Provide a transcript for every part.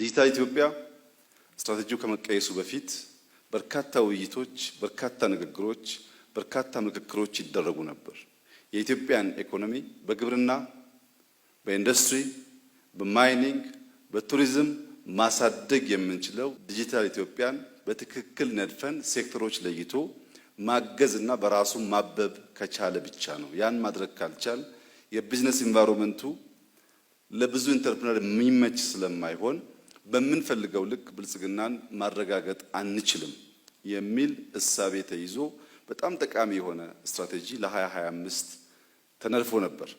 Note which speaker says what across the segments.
Speaker 1: ዲጂታል ኢትዮጵያ ስትራቴጂው ከመቀየሱ በፊት በርካታ ውይይቶች፣ በርካታ ንግግሮች፣ በርካታ ምክክሮች ይደረጉ ነበር። የኢትዮጵያን ኢኮኖሚ በግብርና፣ በኢንዱስትሪ፣ በማይኒንግ፣ በቱሪዝም ማሳደግ የምንችለው ዲጂታል ኢትዮጵያን በትክክል ነድፈን ሴክተሮች ለይቶ ማገዝ እና በራሱ ማበብ ከቻለ ብቻ ነው። ያን ማድረግ ካልቻል የቢዝነስ ኢንቫይሮንመንቱ ለብዙ ኢንተርፕረነር የሚመች ስለማይሆን በምንፈልገው ልክ ብልጽግናን ማረጋገጥ አንችልም የሚል እሳቤ ተይዞ በጣም ጠቃሚ የሆነ ስትራቴጂ ለ2025 ተነድፎ ነበር።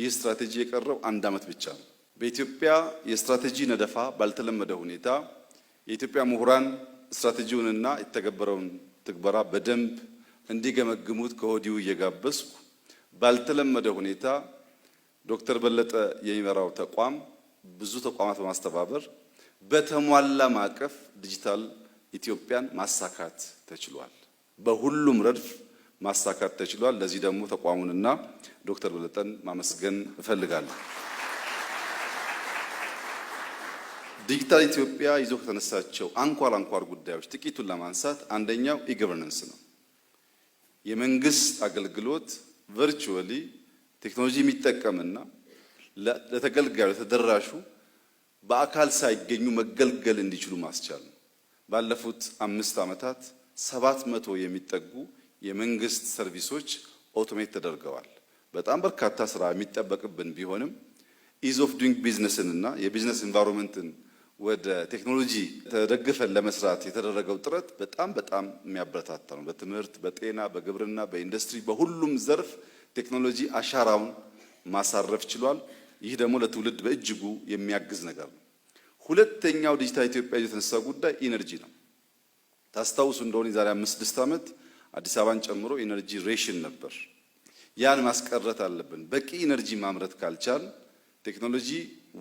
Speaker 1: ይህ ስትራቴጂ የቀረው አንድ ዓመት ብቻ ነው። በኢትዮጵያ የስትራቴጂ ነደፋ ባልተለመደ ሁኔታ የኢትዮጵያ ምሁራን ስትራቴጂውንና የተገበረውን ትግበራ በደንብ እንዲገመግሙት ከወዲሁ እየጋበዝኩ ባልተለመደ ሁኔታ ዶክተር በለጠ የሚመራው ተቋም ብዙ ተቋማት በማስተባበር በተሟላ ማዕቀፍ ዲጂታል ኢትዮጵያን ማሳካት ተችሏል። በሁሉም ረድፍ ማሳካት ተችሏል። ለዚህ ደግሞ ተቋሙንና ዶክተር በለጠን ማመስገን እፈልጋለሁ። ዲጂታል ኢትዮጵያ ይዞ ከተነሳቸው አንኳር አንኳር ጉዳዮች ጥቂቱን ለማንሳት አንደኛው ኢገቨርነንስ ነው። የመንግስት አገልግሎት ቨርቹዋሊ ቴክኖሎጂ የሚጠቀምና ለተገልጋዩ ለተደራሹ በአካል ሳይገኙ መገልገል እንዲችሉ ማስቻል ነው። ባለፉት አምስት ዓመታት ሰባት መቶ የሚጠጉ የመንግስት ሰርቪሶች ኦቶሜት ተደርገዋል። በጣም በርካታ ስራ የሚጠበቅብን ቢሆንም ኢዝ ኦፍ ዱንግ ቢዝነስን እና የቢዝነስ ኢንቫይሮንመንትን ወደ ቴክኖሎጂ ተደግፈን ለመስራት የተደረገው ጥረት በጣም በጣም የሚያበረታታ ነው። በትምህርት፣ በጤና፣ በግብርና፣ በኢንዱስትሪ በሁሉም ዘርፍ ቴክኖሎጂ አሻራውን ማሳረፍ ችሏል። ይህ ደግሞ ለትውልድ በእጅጉ የሚያግዝ ነገር ነው። ሁለተኛው ዲጂታል ኢትዮጵያ የተነሳው ጉዳይ ኢነርጂ ነው። ታስታውሱ እንደሆነ የዛሬ አምስት ስድስት ዓመት አዲስ አበባን ጨምሮ ኢነርጂ ሬሽን ነበር። ያን ማስቀረት አለብን። በቂ ኢነርጂ ማምረት ካልቻል ቴክኖሎጂ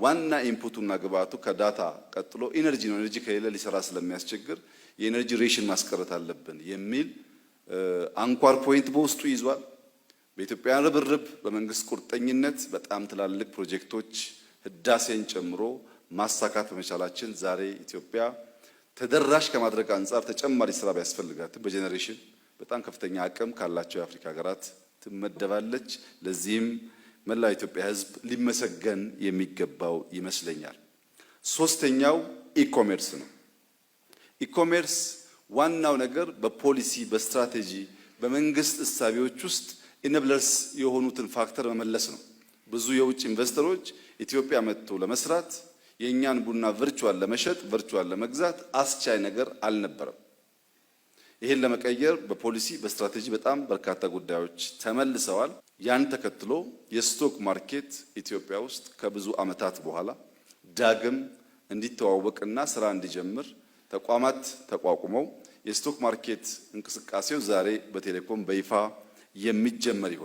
Speaker 1: ዋና ኢንፑቱና ግብአቱ ከዳታ ቀጥሎ ኢነርጂ ነው። ኢነርጂ ከሌለ ሊሰራ ስለሚያስቸግር የኢነርጂ ሬሽን ማስቀረት አለብን የሚል አንኳር ፖይንት በውስጡ ይዟል። በኢትዮጵያ ርብርብ በመንግስት ቁርጠኝነት በጣም ትላልቅ ፕሮጀክቶች ህዳሴን ጨምሮ ማሳካት በመቻላችን ዛሬ ኢትዮጵያ ተደራሽ ከማድረግ አንጻር ተጨማሪ ስራ ቢያስፈልጋትም በጄኔሬሽን በጣም ከፍተኛ አቅም ካላቸው የአፍሪካ ሀገራት ትመደባለች። ለዚህም መላ ኢትዮጵያ ህዝብ ሊመሰገን የሚገባው ይመስለኛል። ሶስተኛው ኢኮሜርስ ነው። ኢኮሜርስ ዋናው ነገር በፖሊሲ በስትራቴጂ በመንግስት እሳቤዎች ውስጥ ኢነብለርስ የሆኑትን ፋክተር መመለስ ነው። ብዙ የውጭ ኢንቨስተሮች ኢትዮጵያ መጥቶ ለመስራት የእኛን ቡና ቨርቹዋል ለመሸጥ ቨርቹዋል ለመግዛት አስቻይ ነገር አልነበረም። ይህን ለመቀየር በፖሊሲ በስትራቴጂ በጣም በርካታ ጉዳዮች ተመልሰዋል። ያን ተከትሎ የስቶክ ማርኬት ኢትዮጵያ ውስጥ ከብዙ ዓመታት በኋላ ዳግም እንዲተዋወቅና ስራ እንዲጀምር ተቋማት ተቋቁመው የስቶክ ማርኬት እንቅስቃሴው ዛሬ በቴሌኮም በይፋ የሚጀመር ይሆናል።